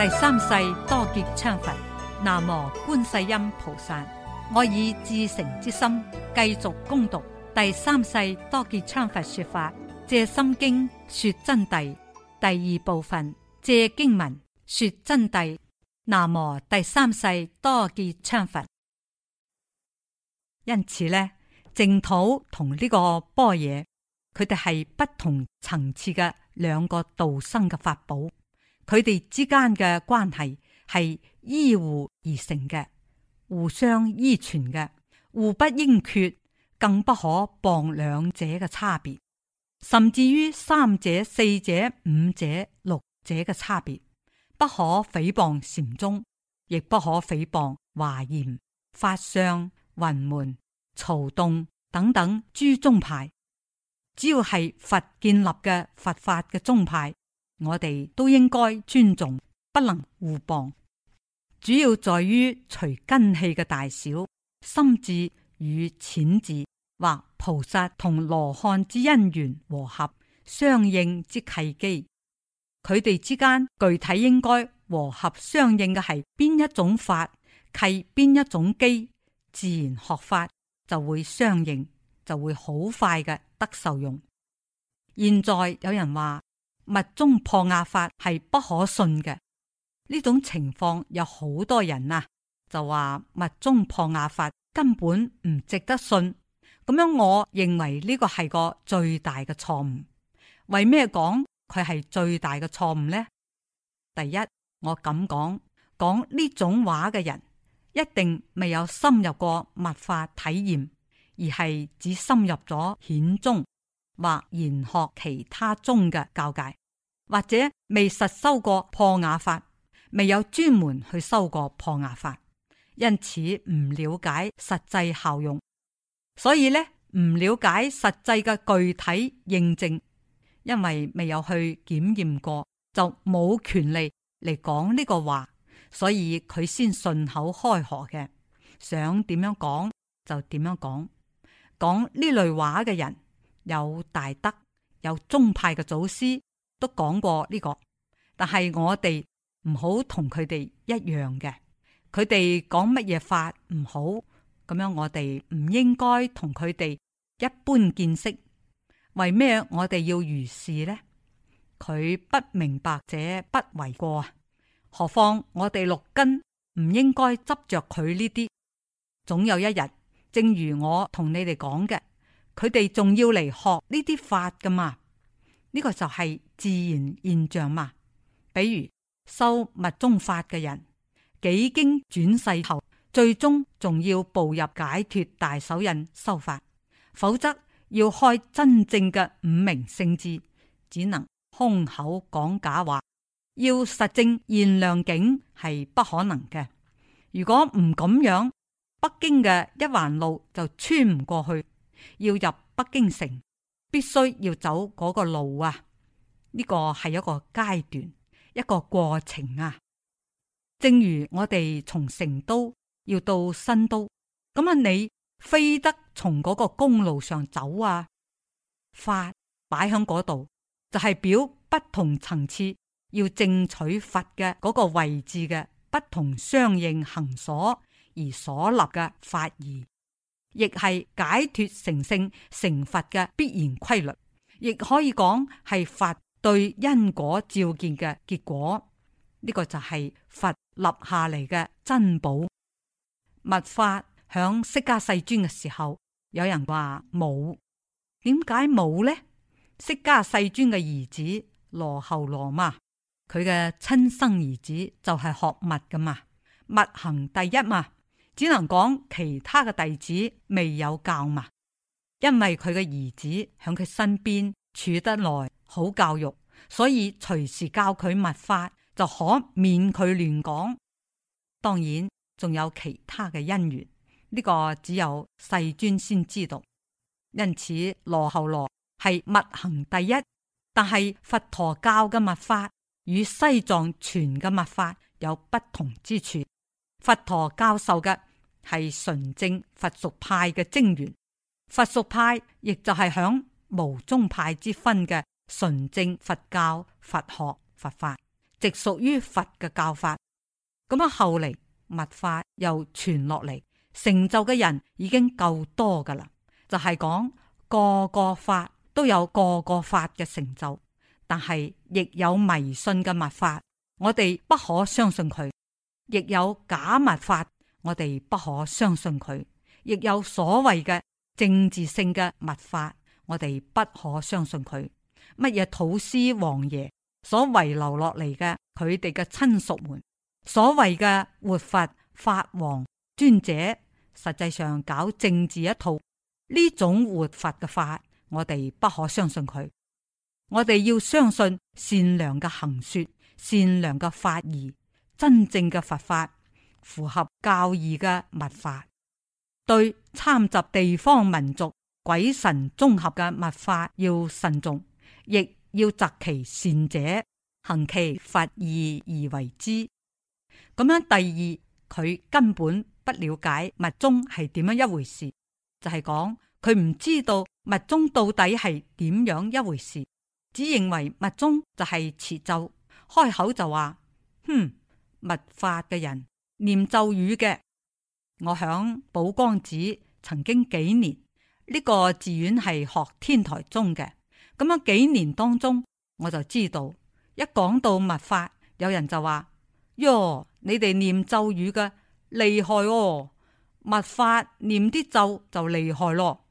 第三世多杰羌佛，南無觀世音菩薩。我以至誠之心繼續攻讀第三世多杰羌佛說法，借心經說真諦第二部分，借經文說真諦。南無第三世多杰羌佛。因此呢，淨土同呢個般若，佢哋係不同層次嘅兩個道生嘅法寶。佢哋之間嘅關係係依互而成嘅，互相依存嘅，互不應缺，更不可謗兩者嘅差別，甚至於三者、四者、五者、六者嘅差別，不可誹謗禪宗，亦不可誹謗華嚴、法相、雲門、曹洞等等諸宗派，只要係佛建立嘅佛法嘅宗派。我哋都應該尊重，不能互謗。主要在於隨根器嘅大小、心智與淺字，或菩薩同羅漢之因緣和合相應之契機。佢哋之間具體應該和合相應嘅係邊一種法，契邊一種機，自然學法就會相應，就會好快嘅得受用。現在有人話，密宗破瓦法係不可信嘅，呢種情況有好多人啊，就話密宗破瓦法根本唔值得信。咁樣我認為呢個係個最大嘅錯誤。為咩講佢係最大嘅錯誤呢？第一，我咁講講呢種話嘅人一定未有深入過密法體驗，而係只深入咗顯宗或研學其他宗嘅教界。或者未實修過破瓦法，未有專門去修過破瓦法，因此唔了解實際效用，所以呢，唔了解實際嘅具體認證，因為未有去檢驗過，就冇權利嚟講呢個話，所以佢先順口開河嘅，想點樣講就點樣講，講呢類話嘅人有大德，有宗派嘅祖師。都講過呢個，但係我哋唔好同佢哋一樣嘅。佢哋講乜嘢法唔好咁樣，我哋唔應該同佢哋一般見識。為咩我哋要如是呢？佢不明白者不為過。何況我哋六根唔應該執着佢呢啲。總有一日，正如我同你哋講嘅，佢哋仲要嚟學呢啲法噶嘛？呢個就係。自然現象嘛，比如修密宗法嘅人幾經轉世後，最終仲要步入解脫大手印修法，否則要開真正嘅五明聖智，只能空口講假話，要實證現量境係不可能嘅。如果唔咁樣，北京嘅一環路就穿唔過去，要入北京城，必須要走嗰個路啊！呢個係一個階段，一個過程啊。正如我哋從成都要到新都，咁啊，你非得從嗰個公路上走啊。法擺喺嗰度，就係、是、表不同層次要正取法嘅嗰個位置嘅不同相應行所而所立嘅法義，亦係解脱成聖成佛嘅必然規律，亦可以講係法。對因果照見嘅結果，呢、這個就係佛立下嚟嘅珍寶。密法響釋迦世尊嘅時候，有人話冇，點解冇呢？釋迦世尊嘅兒子羅侯羅嘛，佢嘅親生兒子就係學密噶嘛，密行第一嘛，只能講其他嘅弟子未有教嘛，因為佢嘅兒子響佢身邊處得耐，好教育。所以隨時教佢密法，就可免佢亂講。當然仲有其他嘅因緣，呢、這個只有世尊先知道。因此羅睺羅係密行第一，但係佛陀教嘅密法與西藏傳嘅密法有不同之處。佛陀教授嘅係純正佛俗派嘅精源，佛俗派亦就係響無宗派之分嘅。純正佛教、佛學、佛法，直屬於佛嘅教法。咁啊，後嚟密法又傳落嚟，成就嘅人已經夠多噶啦。就係、是、講個個法都有個個法嘅成就，但係亦有迷信嘅密法，我哋不可相信佢；亦有假密法，我哋不可相信佢；亦有所謂嘅政治性嘅密法，我哋不可相信佢。乜嘢土司王爺所遺留落嚟嘅，佢哋嘅親屬們所謂嘅活佛法王尊者，實際上搞政治一套，呢種活佛嘅法，我哋不可相信佢。我哋要相信善良嘅行說，善良嘅法義，真正嘅佛法符合教義嘅密法，對參雜地方民族鬼神綜合嘅密法要慎重。亦要擇其善者，行其法義而為之。咁樣第二，佢根本不了解密宗係點樣一回事，就係講佢唔知道密宗到底係點樣一回事，只認為密宗就係持咒，開口就話：哼，密法嘅人念咒語嘅。我響寶光寺曾經幾年，呢個寺院係學天台宗嘅。咁樣幾年當中，我就知道一講到密法，有人就話：喲，你哋念咒語嘅厲害哦！密法念啲咒就厲害咯。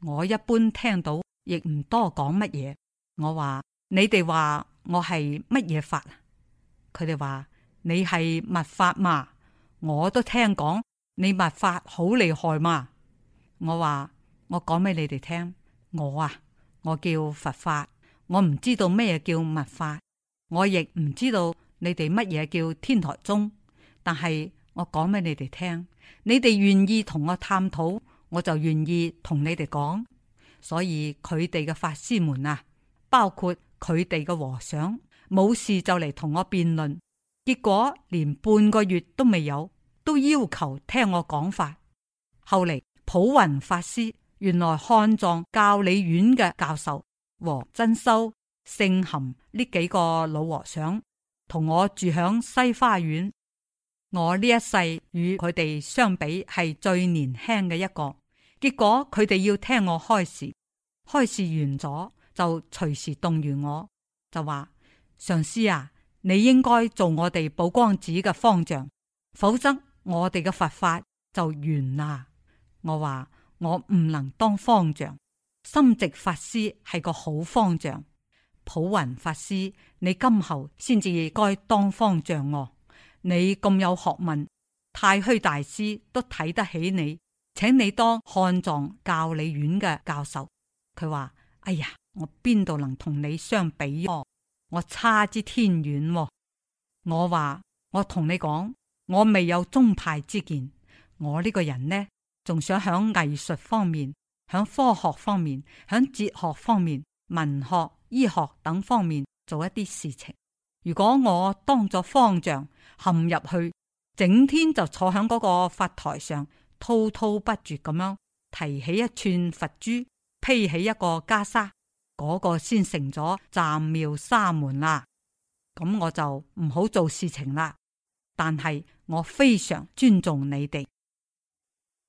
我一般聽到亦唔多講乜嘢。我話你哋話我係乜嘢法？佢哋話你係密法嘛。我都聽講你密法好厲害嘛。我話我講俾你哋聽，我啊。我叫佛法，我唔知道咩叫密法，我亦唔知道你哋乜嘢叫天台宗。但係我講俾你哋聽，你哋願意同我探討，我就願意同你哋講。所以佢哋嘅法師們啊，包括佢哋嘅和尚，冇事就嚟同我辯論。結果連半個月都未有，都要求聽我講法。後嚟普雲法師。原來漢藏教理院嘅教授和真修、聖含呢幾個老和尚同我住喺西花園，我呢一世與佢哋相比係最年輕嘅一個，結果佢哋要聽我開示，開示完咗就隨時動員我，就話上師啊，你應該做我哋寶光寺嘅方丈，否則我哋嘅佛法就完啦。我話。我唔能當方丈，心直法師係個好方丈。普雲法師，你今後先至該當方丈哦。你咁有學問，太虛大師都睇得起你，請你當漢藏教理院嘅教授。佢話：哎呀，我邊度能同你相比哦？我差之天遠哦。我話：我同你講，我未有宗派之見，我呢個人呢？仲想喺藝術方面、喺科學方面、喺哲學方面、文學、醫學等方面做一啲事情。如果我當咗方丈陷入去，整天就坐喺嗰個佛台上滔滔不絕咁樣提起一串佛珠，披起一個袈裟，嗰、那個先成咗站廟沙門啦。咁我就唔好做事情啦。但係我非常尊重你哋。